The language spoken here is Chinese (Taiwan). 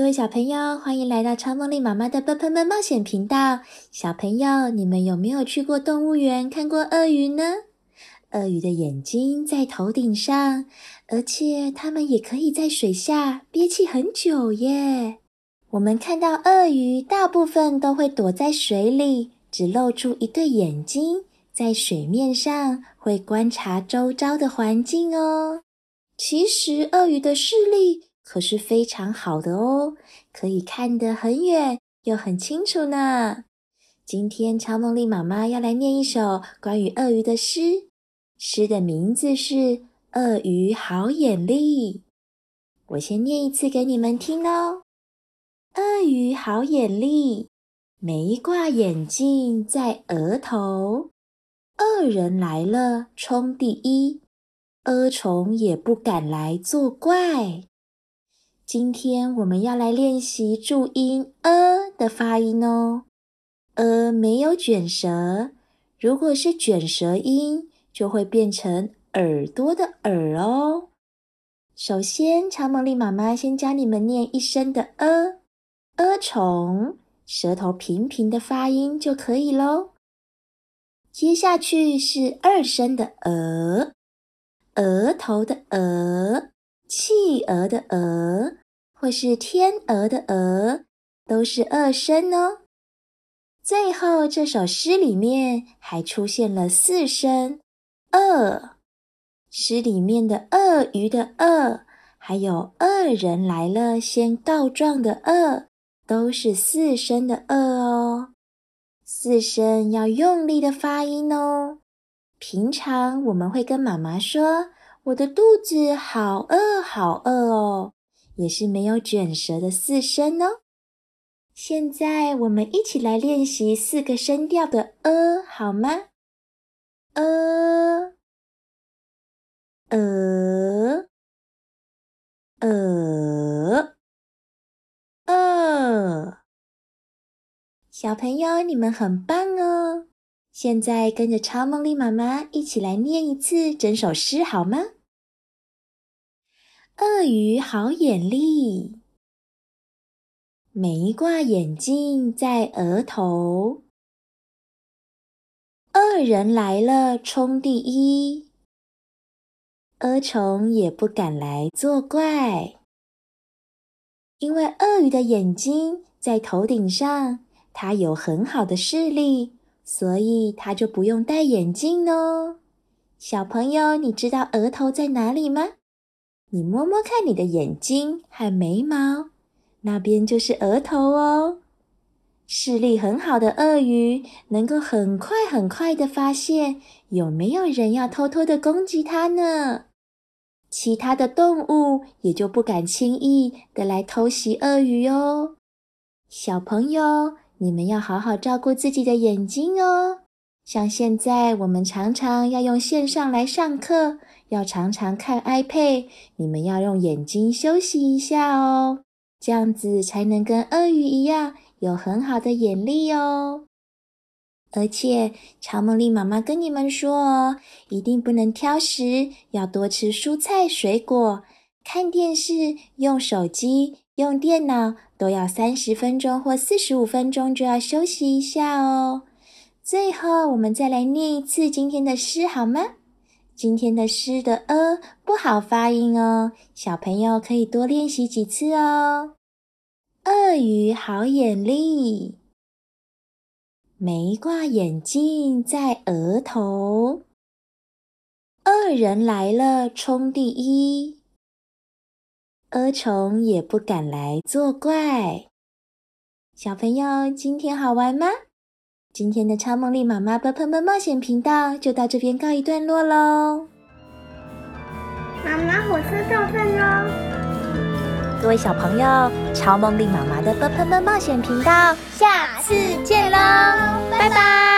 各位小朋友，歡迎來到超夢莉媽媽的伯伯們“蹦蹦蹦”冒險頻道。小朋友，你們有沒有去過動物園看過鱷魚呢？鱷魚的眼睛在頭頂上，而且它們也可以在水下憋氣很久耶。我們看到鱷魚大部分都會躲在水裡，只露出一對眼睛，在水面上會觀察周遭的環境哦。其實，鱷魚的視力，可是非常好的哦，可以看得很遠又很清楚呢。今天超夢莉媽媽要來念一首關於鱷魚的詩，詩的名字是《鱷魚好眼力》。我先念一次給你們聽哦。鱷魚好眼力，沒掛眼鏡在額頭。惡人來了衝第一，痾蟲也不敢來作怪。今天我們要來練習注音“呃”的發音哦。呃，沒有捲舌，如果是捲舌音，就會變成耳朵的“耳”哦。首先，超夢莉媽媽先教你們念一聲的“呃”，“呃”蟲，舌頭平平的發音就可以囉。接下去是二聲的“鵝”，額頭的“額”，企鵝的“鵝”。或是天鵝的“鵝”，都是二聲哦。最後這首詩裡面還出現了四聲“餓”，詩裡面的“鱷魚”的“鱷”，還有“惡人來了先告狀”的“惡”，都是四聲的“餓”哦。四聲要用力的發音哦。平常我們會跟媽媽說：“我的肚子好餓，好餓哦。”也是沒有卷舌的四聲哦。現在我們一起來練習四個聲調的“呃”，好嗎？呃，呃，呃，呃。小朋友，你們很棒哦！現在跟着超夢莉媽媽一起來念一次整首詩，好嗎？鱷魚好眼力，沒掛眼鏡在額頭。惡人來了衝第一，痾蟲也不敢來作怪，因為鱷魚的眼睛在頭頂上，它有很好的視力，所以它就不用戴眼鏡哦。小朋友，你知道額頭在哪裡嗎？你摸摸看，你的眼睛和眉毛，那邊就是額頭哦。視力很好的鱷魚能夠很快很快的發現有沒有人要偷偷的攻擊它呢？其他的動物也就不敢輕易的來偷襲鱷魚哦。小朋友，你們要好好照顧自己的眼睛哦。像現在我們常常要用線上來上課，要常常看 iPad，你們要用眼睛休息一下哦，這樣子才能跟鱷魚一樣有很好的眼力哦。而且超夢莉媽媽跟你們說哦，一定不能挑食，要多吃蔬菜水果。看電視、用手機、用電腦都要三十分鐘或四十五分鐘就要休息一下哦。最後，我們再來念一次今天的詩好嗎？今天的詩的“呃”不好發音哦，小朋友可以多練習幾次哦。鱷魚好眼力，沒掛眼鏡在額頭，惡人來了衝第一，痾蟲也不敢來作怪。小朋友，今天好玩嗎？今天的超夢莉媽媽啵噴噴冒險頻道就到這邊告一段落嘍！媽媽火車到站嘍！各位小朋友，超夢莉媽媽的啵噴噴冒險頻道下次見嘍！拜拜。拜拜。